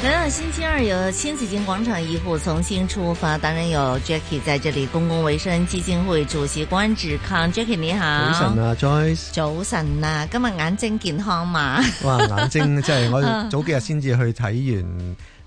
嚟到星期二，由千子金廣場醫護重新出發，當然有 Jackie 在這裏，公共衛生基金會主席關志康，Jackie 你好。早晨啊，Joyce 早晨啊，今日眼睛健康嘛？ 哇，眼睛即係我早幾日先至去睇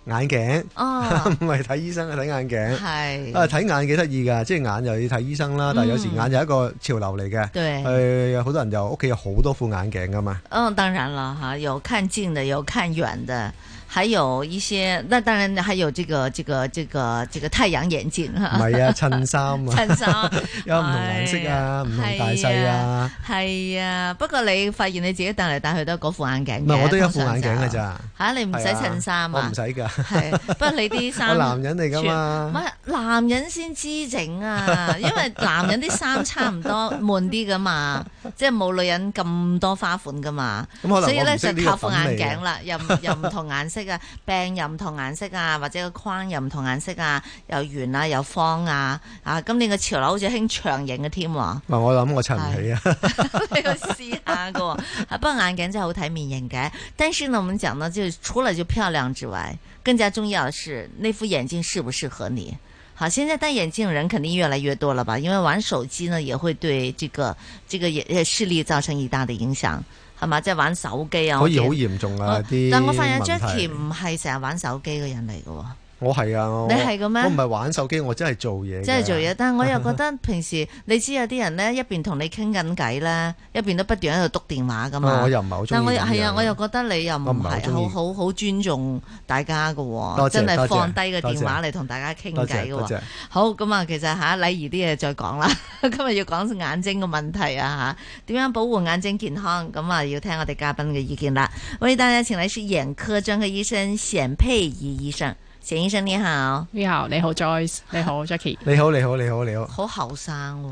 完眼鏡哦，唔係睇醫生是啊，睇眼鏡係啊，睇眼幾得意噶，即係眼又要睇醫生啦，但係有時眼就一個潮流嚟嘅、嗯，對，誒，好多人就屋企有好多副眼鏡噶嘛，嗯，當然啦吓，有看近的，有看遠的。.還有一些，那當然還有這個、這個、這個、這個太陽眼鏡。唔係啊，襯衫啊。襯衫有唔同顏色啊，唔同大細啊。係啊，不過你發現你自己戴嚟戴去都係嗰副眼鏡。唔係，我都有一副眼鏡嘅咋。吓，你唔使襯衫啊？唔使噶。係，不過你啲衫。男人嚟噶嘛？唔係，男人先知整啊，因為男人啲衫差唔多悶啲噶嘛，即係冇女人咁多花款噶嘛。咁所以咧就靠副眼鏡啦，又又唔同顏色。病又唔同顏色啊，或者個框又唔同顏色啊，又圓啊，又方啊，啊！今年嘅潮流好似興長型嘅添喎，我諗我襯唔起啊。你 要 試下個、啊，不過眼鏡真係好睇面型嘅。但是呢，我們講呢，就除了就漂亮之外，更加重要嘅是那副眼鏡適唔適合你。好、啊，現在戴眼鏡嘅人肯定越來越多了吧？因為玩手機呢，也會對這個這個眼視力造成一大的影響。係嘛？即係玩手機啊！可以好嚴重啊啲，但我發現 Jackie 唔係成日玩手機嘅人嚟嘅喎。我係啊，你我唔係玩手機，我真係做嘢。真係做嘢，但係我又覺得平時你知有啲人咧， 一邊同你傾緊偈啦，一邊都不斷喺度篤電話噶嘛、啊。我又唔係好中意。但係我係啊，我又覺得你又唔係好好好尊重大家噶、啊，謝謝真係放低個電話嚟同大家傾偈噶。謝謝謝謝好咁啊、嗯，其實吓禮儀啲嘢再講啦， 今日要講眼睛嘅問題啊吓，點、嗯、樣保護眼睛健康？咁、嗯、啊、嗯嗯、要聽我哋嘉賓嘅意見啦。為大家請來是眼科專科醫生冼佩儀醫生。冼醫生你好，你好，你好 Joyce，你好 Jackie 你好你好你好你好，好後生，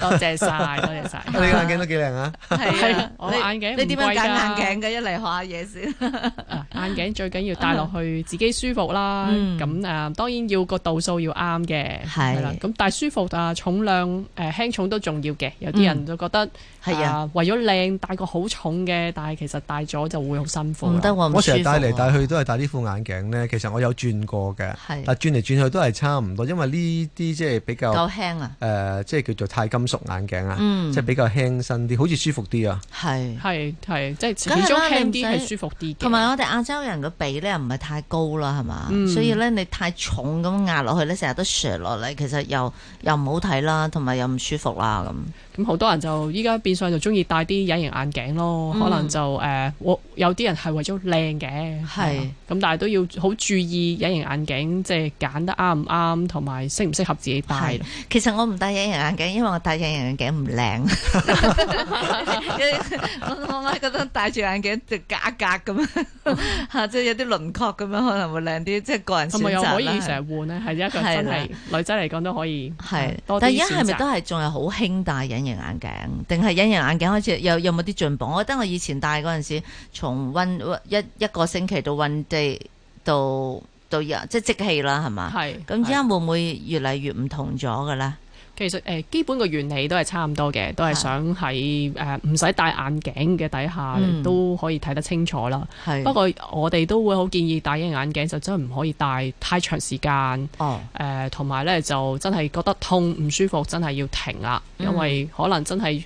多謝晒，多謝晒，你眼鏡都幾靚啊？係啊，你你點樣揀眼鏡嘅，一嚟學下嘢先。 眼鏡最緊要戴落去自己舒服啦，咁啊當然要個度數要啱嘅，係啦。咁但係舒服啊，重量誒輕重都重要嘅。有啲人都覺得係啊，為咗靚戴個好重嘅，但係其實戴咗就會好辛苦。我成日戴嚟戴去都係戴呢副眼鏡咧，其實我有轉過嘅，但轉嚟轉去都係差唔多，因為呢啲即係比較夠輕啊，誒即係叫做鈦金屬眼鏡啊，即係比較輕身啲，好似舒服啲啊，係係係，即係其中輕啲係舒服啲嘅，同埋我哋亞洲人嘅鼻咧又唔係太高啦，係嘛？嗯、所以咧你太重咁壓落去咧，成日都削落嚟，其實又又唔好睇啦，同埋又唔舒服啦咁。咁、嗯嗯嗯嗯嗯、好多人就依家變相就中意戴啲隱形眼鏡咯，可能就誒、是，我有啲人係為咗靚嘅，係咁，但係都要好注意隱形眼鏡即係揀得啱唔啱，同埋適唔適合自己戴。其實我唔戴隱形眼鏡，因為我戴隱形眼鏡唔靚 我我覺得戴住眼鏡就格格咁啊。吓、啊，即係有啲輪廓咁樣，可能會靚啲，即係個人選擇可以成日換咧？係是一個真係的女仔嚟講都可以。係的，但而家係咪都係仲係好輕戴隱形眼鏡，定係隱形眼鏡開始有有冇啲進步？我覺得我以前戴嗰陣時，從 one 一一個星期到 one day 到到日，即係即棄啦，係嘛？係的。咁而家會唔會越嚟越唔同咗嘅咧？其實誒基本個原理都係差唔多嘅，都係想喺誒唔使戴眼鏡嘅底下、嗯、都可以睇得清楚啦。是不過我哋都會好建議戴眼鏡就真係唔可以戴太長時間。哦誒同埋咧就真係覺得痛，唔舒服，真係要停啦，嗯、因為可能真係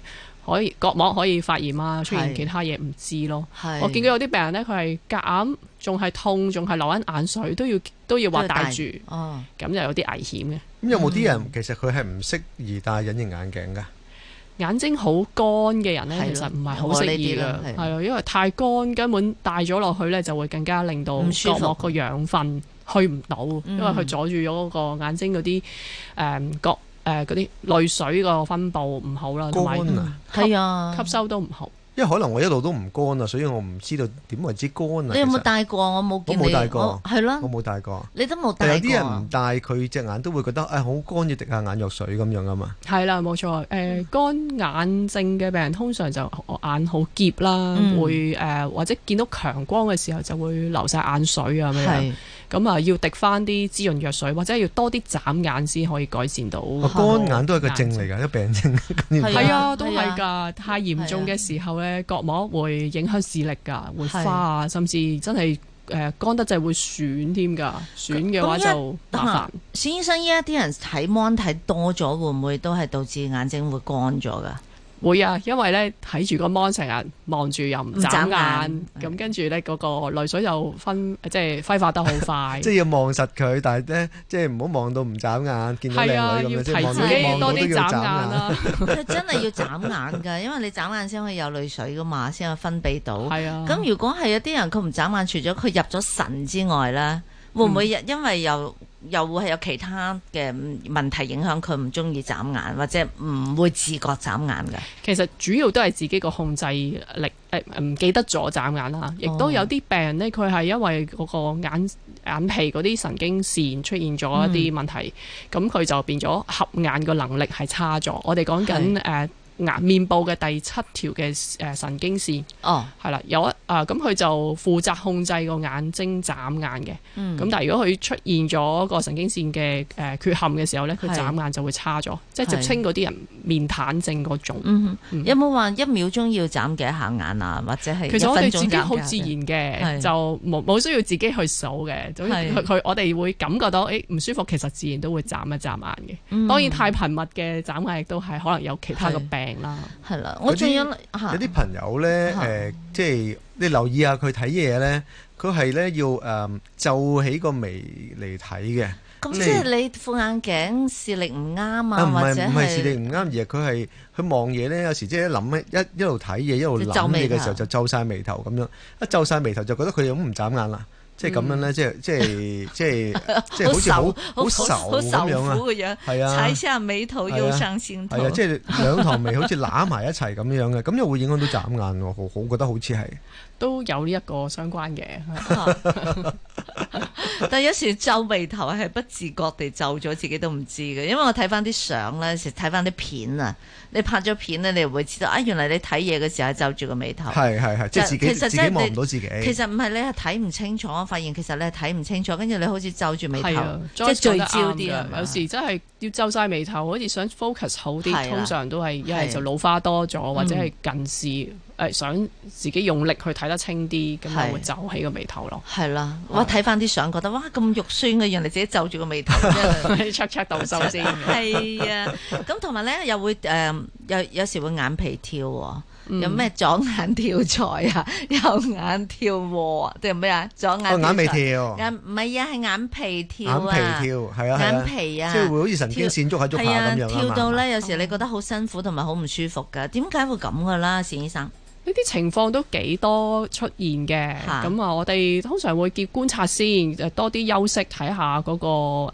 可以角膜可以發炎啊，出現其他嘢唔是知咯。是我見到有啲病人咧，佢係夾硬仲係痛，仲係流緊眼水，都要都要話戴住。哦咁又有啲危險嘅。咁、嗯、有冇啲人其實佢係唔適宜戴隱形眼鏡噶？眼睛好乾嘅人呢，其實唔係好適宜啦。係啊，因為太乾根本戴咗落去呢，就會更加令到角膜個養分去唔到，因為佢阻住咗嗰個眼睛嗰啲誒角誒啲淚水個分佈唔好啦，同埋係啊，吸收都唔好。因為可能我一路都唔乾啊，所以我唔知道點為之乾啊。你有冇戴過？我冇見你。我冇戴過，係咯。我冇戴過。你都冇戴、戴。但有啲人唔戴，佢隻眼都會覺得誒好乾，要滴下眼藥水咁樣噶嘛。係啦，冇錯。誒、呃，乾眼症嘅病人通常就眼好澀啦，嗯、會誒、呃、或者見到強光嘅時候就會流晒眼水啊咁樣。咁啊、嗯，要滴翻啲滋潤藥水，或者要多啲眨眼先可以改善到、哦。乾眼都係個症嚟噶，啲睛病症。係 啊， 都係噶，啊、太嚴重嘅時候咧，角膜、啊、會影響視力噶，會花啊，甚至真係誒乾得滯會損添噶，損嘅話就麻煩。冼醫生，依家啲人睇 mon 睇多咗，會唔會都係導致眼睛會乾咗噶？會啊，因為咧，睇住個芒成日望住又唔眨眼，咁、嗯、跟住咧，嗰個淚水又分，即係揮發得好快。 即係要望實佢，但係咧即係唔好望到唔眨眼，見到靚女咁、啊、樣即係望一望都要眨眼、啊。 真係要眨眼噶，因為你眨眼先可以有淚水噶嘛，先有分泌到。係啊。咁如果係有啲人佢唔眨眼，除咗佢入咗神之外咧，會唔會因為又？嗯又會係有其他嘅問題影響佢唔鍾意眨眼，或者唔會自覺眨眼嘅。其實主要都係自己個控制力，誒、呃、唔記得咗眨眼啦。亦都、哦、有啲病人呢，佢係因為嗰個眼眼皮嗰啲神經線出現咗一啲問題，咁佢、嗯、就變咗合眼個能力係差咗。我哋講緊誒。眼面部嘅第七條嘅誒神經線，哦，係啦，有啊，咁佢就負責控制個眼睛眨眼嘅，嗯，咁但係如果佢出現咗個神經線嘅誒缺陷嘅時候咧，佢眨眼就會差咗，即係直稱嗰啲人面癱症嗰種，有冇話一秒鐘要眨幾下眼啊？或者係其實我哋自己好自然嘅，就冇冇需要自己去數嘅，總之佢我哋會感覺到誒唔舒服，其實自然都會眨一眨眼嘅，當然太頻密嘅眨眼亦都係可能有其他嘅病。啦，係啦，我仲有有啲朋友咧，誒、啊，即係、呃就是、你留意下佢睇嘢咧，佢係咧要誒皺、呃、起個眉嚟睇嘅。咁即係你副眼鏡視力唔啱啊？唔係唔係視力唔啱，而係佢係佢望嘢咧，有時即係諗咧，一一路睇嘢一路諗嘢嘅時候，就皺晒眉頭咁樣，一皺晒眉頭就覺得佢哋咁唔眨眼啦。即係咁樣咧、嗯，即係 即係即係即係好似 好好愁咁好好樣啊！啊，踩下眉頭又傷心，係啊，啊！即係兩堂眉 好似揦埋一齊咁樣嘅，咁又會影響到眨眼喎，我覺得好似係。都有呢一個相關嘅，但有時皺眉頭係不自覺地皺咗，自己都唔知嘅。因為我睇翻啲相咧，睇翻啲片啊，你拍咗片咧，你又會知道啊，原嚟你睇嘢嘅時候係皺住個眉頭。係係係，即係自己自己望唔到自己。其實唔係你係睇唔清楚，我發現其實你係睇唔清楚，跟住你好似皺住眉頭，即係聚焦啲啊。有時真係要皺晒眉頭，好似想 focus 好啲，通常都係一係就老花多咗，或者係近視。誒，想自己用力去睇得清啲，咁樣會皺起個眉頭咯。係啦，我睇翻啲相覺得哇，咁肉酸嘅人嚟，自己皺住個眉頭，喺度灼灼動心先。係啊，咁同埋咧又會誒有有時會眼皮跳，有咩左眼跳財啊，右眼跳禍定咩啊？左眼個眼未跳，眼唔係啊，係眼皮跳啊，眼皮跳係啊，眼皮啊，即係會好似神經線喺喐喐下啊。跳到咧，有時你覺得好辛苦同埋好唔舒服噶，點解會咁噶啦，冼醫生？呢啲情況都幾多出現嘅，咁啊，我哋通常會見觀察先，誒多啲休息，睇下嗰個誒、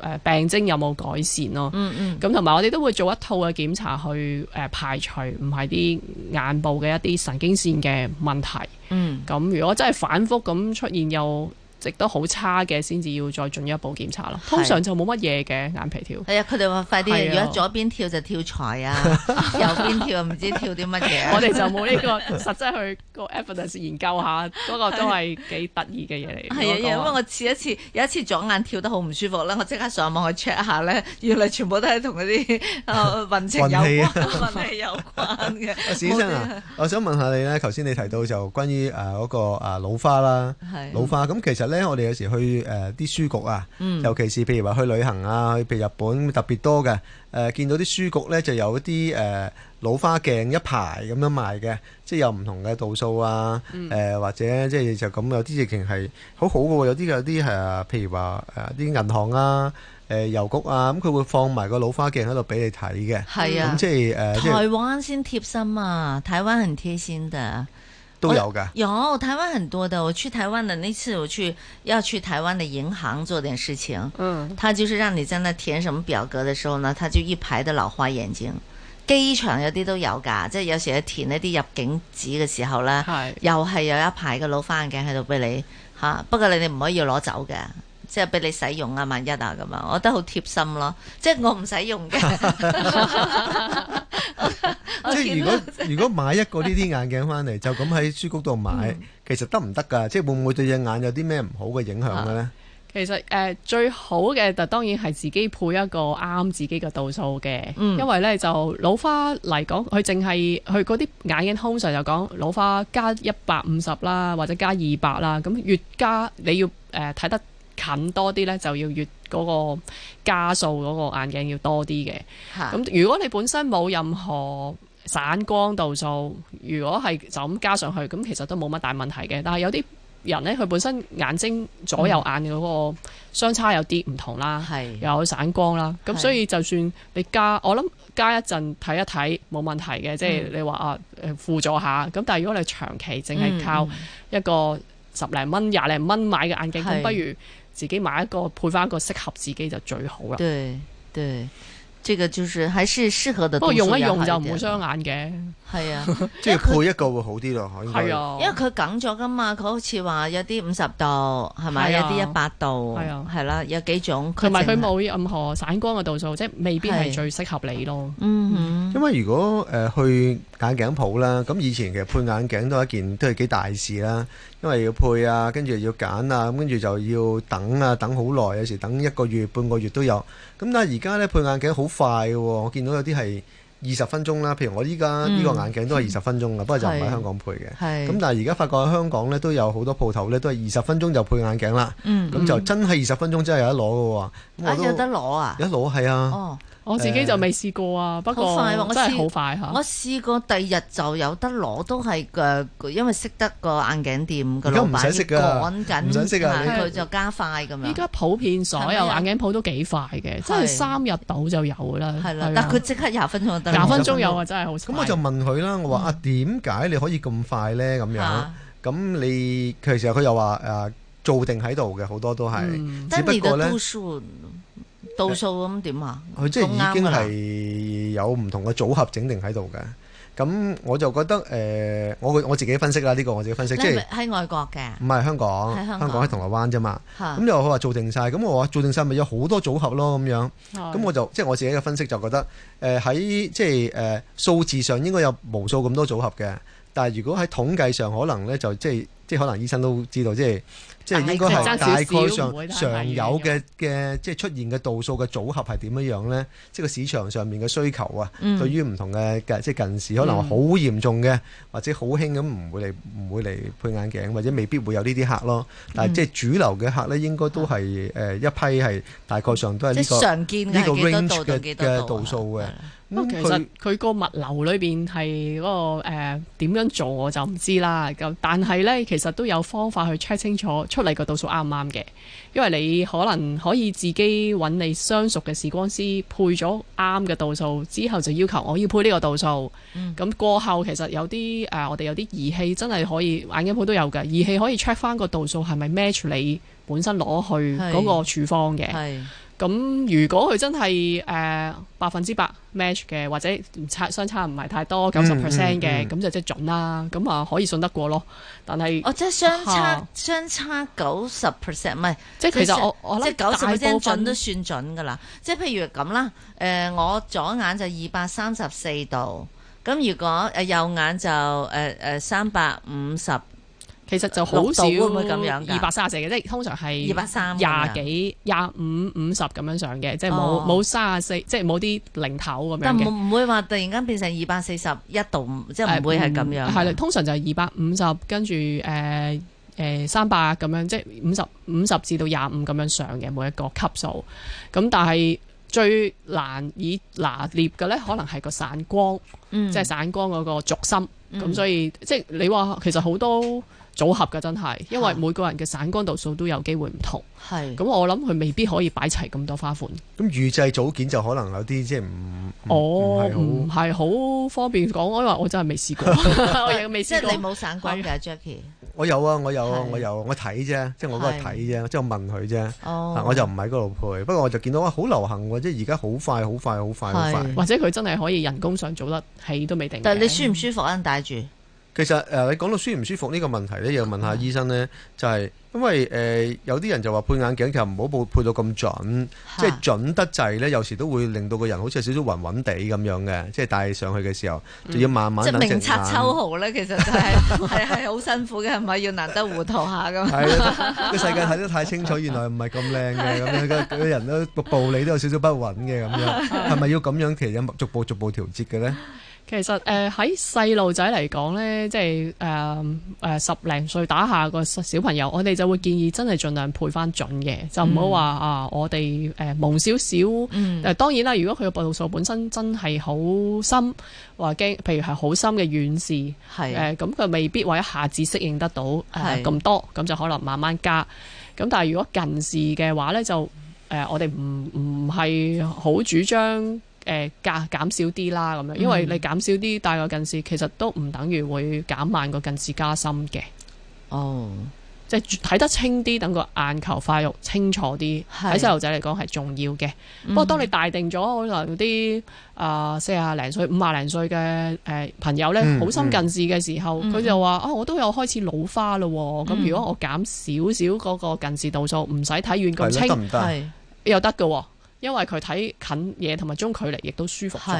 呃、病徵有冇改善咯。嗯嗯，咁同埋我哋都會做一套嘅檢查去誒、呃、排除唔係啲眼部嘅一啲神經線嘅問題。嗯，咁如果真係反覆咁出現又。值得好差嘅先至要再進一步檢查咯，通常就冇乜嘢嘅眼皮跳。係啊，佢哋話快啲，如果左邊跳就跳財啊，右邊跳就唔知跳啲乜嘢。我哋就冇呢個實質去個 evidence 研究下，嗰個都係幾得意嘅嘢嚟。係啊，因為我試一次，有一次左眼跳得好唔舒服咧，我即刻上網去 check 下咧，原來全部都係同嗰啲啊運程有關，運氣有關嘅。冼醫生啊，我想問下你咧，頭先你提到就關於誒嗰個老花啦，老花咁其實。咧，我哋有時去誒啲、呃、書局啊，嗯、尤其是譬如話去旅行啊，去譬如日本特別多嘅誒、呃，見到啲書局咧就有一啲誒、呃、老花鏡一排咁樣賣嘅，即係有唔同嘅度數啊，誒、嗯呃、或者即係就咁有啲直情係好好嘅，有啲有啲誒，譬如話誒啲銀行啊、誒郵局啊，咁佢會放埋個老花鏡喺度俾你睇嘅。係啊、嗯，咁即係誒。台灣先貼心啊，台灣人貼先的。都有噶，有台灣很多的。我去台灣的那次，我去要去台灣的銀行做點事情，嗯，他就是讓你在那填什麼表格的時候呢，他就一排都老花眼睛。機場有啲都有噶，即係有時去填一啲入境紙嘅時候呢，嗯、又係有一排嘅老花眼鏡喺度俾你吓。不過你哋唔可以攞走嘅。即係俾你使用啊！萬一啊，咁樣，我覺得好貼心咯。即係我唔使用嘅。 我即係如果 如果買一個呢啲眼鏡翻嚟，就咁喺書局度買，嗯、其實得唔得㗎？即係會唔會對隻眼有啲咩唔好嘅影響㗎咧？其實誒、呃、最好嘅就當然係自己配一個啱自己嘅度數嘅。嗯、因為咧就老花嚟講，佢淨係佢嗰啲眼鏡通常就講老花加一百五十啦，或者加二百啦。咁越加你要誒睇、呃呃、得。近多啲呢，就要越嗰個加數嗰個眼鏡要多啲嘅。咁的如果你本身冇任何散光度數，如果係就咁加上去，咁其實都冇乜大問題嘅。但係有啲人呢，佢本身眼睛左右眼嗰個相差有啲唔同啦，嗯、又有散光啦，咁的所以就算你加，我諗加一陣睇一睇冇問題嘅，的即係你話啊輔助下。咁但係如果你長期淨係靠一個十零蚊、廿零蚊買嘅眼鏡，咁不如。自己買一個配翻個適合自己就最好啦。對對，即、這個就是還是適合的。不過用一用就唔會傷眼嘅。係啊，即係配一個會好啲咯。可以，係啊，因為佢、 啊、梗咗噶嘛，佢好似話有啲五十度，係咪、啊、有啲一百度？係啊，係啦、啊啊，有幾種。同埋佢冇任何散光嘅度數，啊、即係未必係最適合你咯。嗯嗯哼。因為如果誒、呃、去。眼鏡鋪啦，咁以前其實配眼鏡都係一件都係幾大事啦，因為要配啊，跟住要揀啊，咁跟住就要等啊，等好耐，有時等一個月、半個月都有。咁但係而家呢，配眼鏡好快嘅，我見到有啲係二十分鐘啦，譬如我依家呢個眼鏡都係二十分鐘嘅，嗯、不過就唔喺香港配嘅。咁但係而家發覺喺香港呢都有好多鋪頭呢都係二十分鐘就配眼鏡啦。咁、嗯嗯、就真係二十分鐘真係有得攞嘅喎。啊，有得攞啊！有攞係啊。我自己就未試過啊，不過真係好快嚇、啊！我試過第二日就有得攞，都係嘅，因為識得個眼鏡店噶啦，趕緊唔想識噶，佢、啊嗯、就加快咁樣。依家普遍所有眼鏡鋪都幾快嘅，即係嗎三日到就有啦。係啦的，啊、但佢即刻廿分鐘就得。廿分鐘有啊，真係好快。咁我就問佢啦，我話啊，點解你可以咁快咧？咁樣，咁你其實佢又話誒做定喺度嘅，好多都係，只不過咧，嗯倒數咁點啊？佢即係已經係有唔同嘅組合整定喺度嘅，咁我就覺得誒、呃，我我我自己分析啦，呢、呢個我自己分析，即係喺外國嘅，唔係香港，香港喺銅鑼灣啫嘛。咁的、嗯、又佢話做定晒，咁我話做定晒咪有好多組合咯咁樣。咁的我就即係我自己嘅分析就覺得誒喺、呃、即係誒、呃、數字上應該有無數咁多組合嘅，但係如果喺統計上可能咧就即係。即係可能醫生都知道，即係即係應該係大概上常有嘅嘅即係出現嘅度數嘅組合係點樣樣咧？即係個市場上面嘅需求啊，嗯、對於唔同嘅即係近視，可能好嚴重嘅，嗯、或者好輕咁唔會嚟唔會嚟配眼鏡，或者未必會有呢啲客咯。嗯、但係即係主流嘅客咧，應該都係誒、嗯呃、一批係大概上都係呢、呢個呢、啊、個 range 嘅嘅度數嘅。咁其實佢個物流裏邊係嗰個誒點、呃、樣做我就唔知啦。咁但係呢，其實都有方法去 check 清楚出嚟個度數啱唔啱嘅。因為你可能可以自己揾你相熟嘅視光師配咗啱嘅度數之後，就要求我要配呢個度數。咁、嗯、過後其實有啲誒、呃，我哋有啲儀器真係可以眼鏡鋪都有嘅，儀器可以 check 翻個度數係咪 match 你本身攞去嗰個處方嘅。咁如果佢真係誒百分之百 match 嘅，或者唔差相差唔係太多九十 percent 嘅，咁、嗯嗯、就即係準啦。咁啊可以信得過咯。但係哦，即係相差、啊、相差九十 percent，唔係即係是是其實我我覺得大部分準都算準噶啦。即係譬如咁啦，誒、呃、我左眼就二百三十四度，咁如果誒右眼就誒誒三百五十。呃呃其實就好少會唔會咁樣二百三十四嘅，即係通常係二百三廿幾、廿五、五十咁樣上嘅，哦、即係冇冇三十四，即係冇啲零頭咁樣。但唔會話突然間變成二百四十一度，呃、即係唔會係咁樣。係啦，通常就係二百五十跟住誒誒三百咁樣，即係五十五十至到廿五咁樣上嘅每一個級數。咁但係最難以拿捏嘅咧，可能係個散光，嗯、即係散光嗰個軸心。咁、嗯、所以即係你話其實好多。組合嘅真係，因為每個人嘅散光度數都有機會唔同，咁我諗佢未必可以擺齊咁多花款。咁預製組件就可能有啲即係唔，哦，唔係好方便講，因為我真係未試過，我亦未試過。即係你冇散光㗎，Jackie。我有啊，我有，啊，我有，我睇啫，即係我都係睇啫，即我問佢啫，我就唔喺嗰度配。不過我就見到啊，好流行喎，即係而家好快，好快，好快，好快。或者佢真係可以人工上組得起，都未定。但係你舒唔舒服啊？戴住？其實誒、呃，你講到舒唔舒服呢個問題咧，又要問下醫生咧，就係、是、因為誒、呃、有啲人就話配眼鏡其實唔好配配到咁準，哈即係準得滯咧，有時都會令到個人好似有少少暈暈地咁樣嘅，即係戴上去嘅時候，就、嗯、要慢慢即明察秋毫咧，其實就係係係好辛苦嘅，係咪要難得糊塗下咁？係啊， 個世界睇得太清楚，原來唔係咁靚嘅，咁 樣嘅人都個步履都有少少不穩嘅，咁樣係咪要咁樣其實逐步逐步調節嘅咧？其實誒喺細路仔嚟講呢，即係誒誒十零歲打下個小朋友，我哋就會建議真係盡量配翻準嘅，嗯、就唔好話啊！我哋誒、呃、蒙少少。誒、嗯呃、當然啦，如果佢嘅度數本身真係好深，話驚，譬如係好深嘅遠視，誒咁佢未必話一下子適應得到咁、呃、是多，咁就可能慢慢加。咁但係如果近視嘅話呢，就誒、呃、我哋唔唔係好主張。誒，減減、呃、少啲啦，咁樣，因為你減少啲，但係個近視其實都唔等於會減慢個近視加深嘅。哦，oh. 即係睇得清啲，等個眼球發育清楚啲，喺細路仔嚟講係重要嘅。不過、mm hmm. 當你大定咗，可能啲啊四啊零歲、五啊零歲嘅誒朋友咧，mm hmm. 好深近視嘅時候，佢、mm hmm. 就話啊、哦，我都有開始老花啦。咁、mm hmm. 如果我減少少嗰個近視度數，唔使睇遠咁清，又得㗎。因為佢睇近嘢同埋中距離亦都舒服咗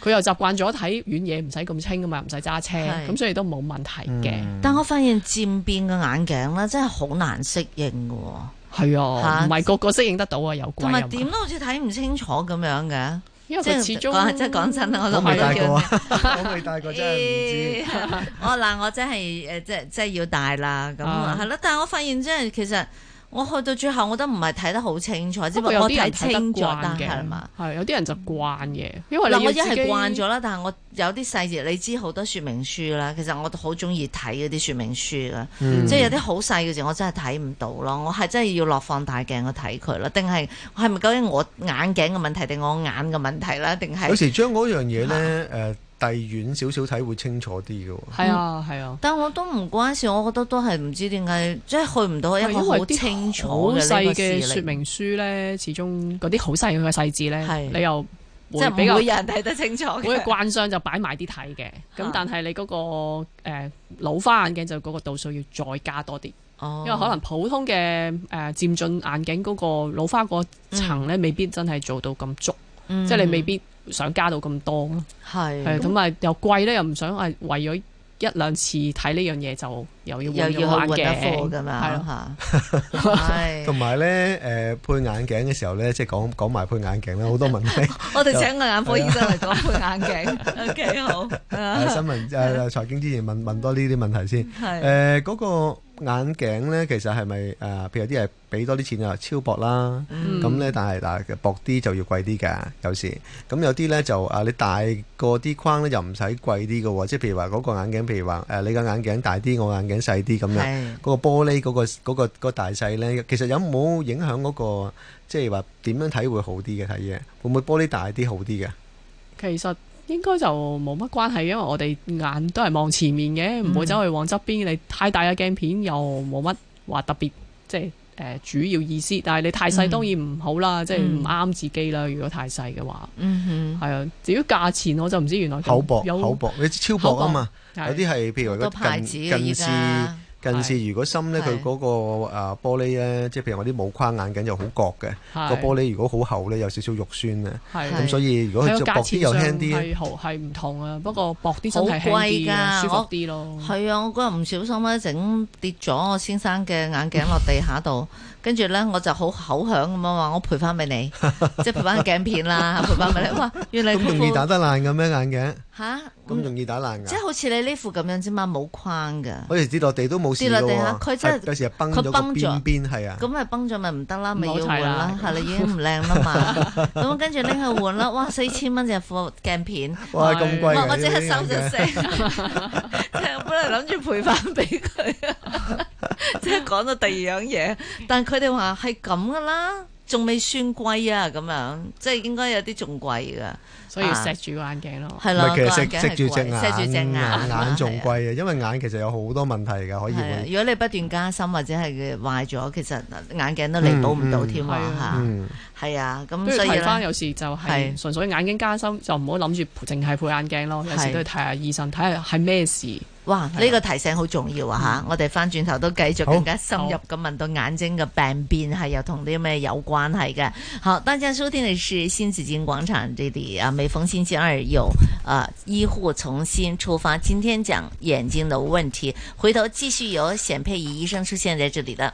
佢是又習慣咗睇遠嘢唔使咁清啊嘛，唔使揸車，咁是所以都冇問題嘅。嗯、但我發現漸變嘅眼鏡咧，真係好難適應嘅。係啊，唔係、啊、個個適應得到啊，有。同埋點都好似睇唔清楚咁樣嘅。因為始終，即係講真啦，我都未戴我未戴過， 過真係唔知，嗱，我真係誒，即係即係要戴啦，咁係啦。但係我發現即係其實。我去到最後，我都唔係睇得好清楚，只不過我睇清楚啦，係嘛？係有啲人就慣嘅，因為嗱我一係慣咗啦，但係我有啲細節你知好多説明書啦，其實我好中意睇嗰啲説明書㗎，嗯、即係有啲好細嘅字我真係睇唔到咯，我係真係要落放大鏡去睇佢咯，定係係咪究竟我眼鏡嘅問題定我眼嘅問題啦？定係？有時將嗰樣嘢咧誒。啊呃睇遠少少睇會清楚啲嘅喎。係啊、嗯，係啊。但我都唔關事，我覺得都係唔知點解，即係去唔到一個好清楚嘅細嘅説明書咧。始終嗰啲好細嘅細字咧，的你又即係比較會有人睇得清楚。我嘅慣相就擺埋啲睇嘅，咁、啊、但係你嗰、那個、呃、老花眼鏡就嗰個度數要再加多啲，哦、因為可能普通嘅誒、呃、漸進眼鏡嗰個老花個層咧，嗯、未必真係做到咁足，嗯、即係你未必。想加到咁多，係，咁啊又貴咧，又唔想啊，哎，為咗一兩次睇呢樣嘢就。又要又要去屈眼科噶嘛，係咯吓，同埋咧誒，配眼鏡嘅時候咧，即係講講埋配眼鏡咧，好多問題。我哋請個眼科醫生嚟講配眼鏡，幾好。新聞誒，財經之前問問多呢啲問題先。係誒嗰個眼鏡咧，其實係咪誒？譬如有啲係俾多啲錢啊，超薄啦，咁咧但係嗱薄啲就要貴啲嘅，有時咁有啲咧就，啊你大個啲框咧，又唔使貴啲嘅，即係譬如話嗰個眼鏡，譬如話誒你嘅眼鏡大啲，我眼鏡。影細啲咁樣，嗰個玻璃嗰個個個大細咧，其實有冇影響嗰個，即係話點樣睇會好啲嘅睇嘢？會唔會玻璃大啲好啲嘅？其實應該就冇乜關係，因為我哋眼都係望前面嘅，唔、嗯、會走去望側邊。你太大嘅鏡片又冇乜話特別，即係。誒、呃、主要意思，但係你太細當然唔好啦，嗯、即係唔啱自己啦。如果太細嘅話，係啊、嗯哼，至於價錢我就唔知。原來好薄，有厚薄你超薄啊嘛，有啲係的譬如個近牌子、啊、近視。近近視如果深咧，佢嗰個玻璃咧，即係譬如我啲冇框眼鏡又好薄嘅，個玻璃如果好厚咧，有少少肉酸嘅。咁所以如果佢就薄啲又輕啲，係唔同啊。不過薄啲好貴㗎，舒服啲咯。係啊，我嗰日唔小心咧，整跌咗我先生嘅眼鏡落地下度，跟住咧我就好口響咁啊話，我賠翻俾你，即係賠翻鏡片啦，賠翻俾你。哇，原來咁容易打得爛㗎咩眼鏡？吓，咁容易打爛噶？即係好似你呢副咁樣啫嘛，冇框噶，好似跌落地都冇線跌落地啊，佢真係佢崩咗個邊。係啊，咁啊崩咗咪唔得啦，咪要換啦，係啦已經唔靚啦嘛，咁跟住拎去換啦，哇四千蚊隻副鏡片，哇咁貴我我即刻收咗聲，即係本來諗住賠翻俾佢，即係講到第二樣嘢，但係佢哋話係咁噶啦。仲未算貴啊，咁樣即係應該有啲仲貴噶，所以要錫住眼鏡咯。係啦，其實錫住隻眼，錫住隻眼眼仲貴啊，因為眼其實有好多問題㗎，可以問。如果你不斷加深或者係壞咗，其實眼鏡都彌補唔到添啊嚇。係啊，咁所以啦。都要睇翻，有時就係純粹眼鏡加深，就唔好諗住淨係配眼鏡咯。有時都要睇下醫生，睇下係咩事。哇！呢個提醒好重要啊吓，嗯、我哋翻轉頭都繼續更加深入咁問好到眼睛嘅病變係有同啲咩有關係嘅。好，大家收聽嘅是新紫荊廣場這裏啊，每逢星期二有啊醫護重新出發，今天講眼睛的問題，回頭繼續有冼佩儀醫生出現在這裏的。的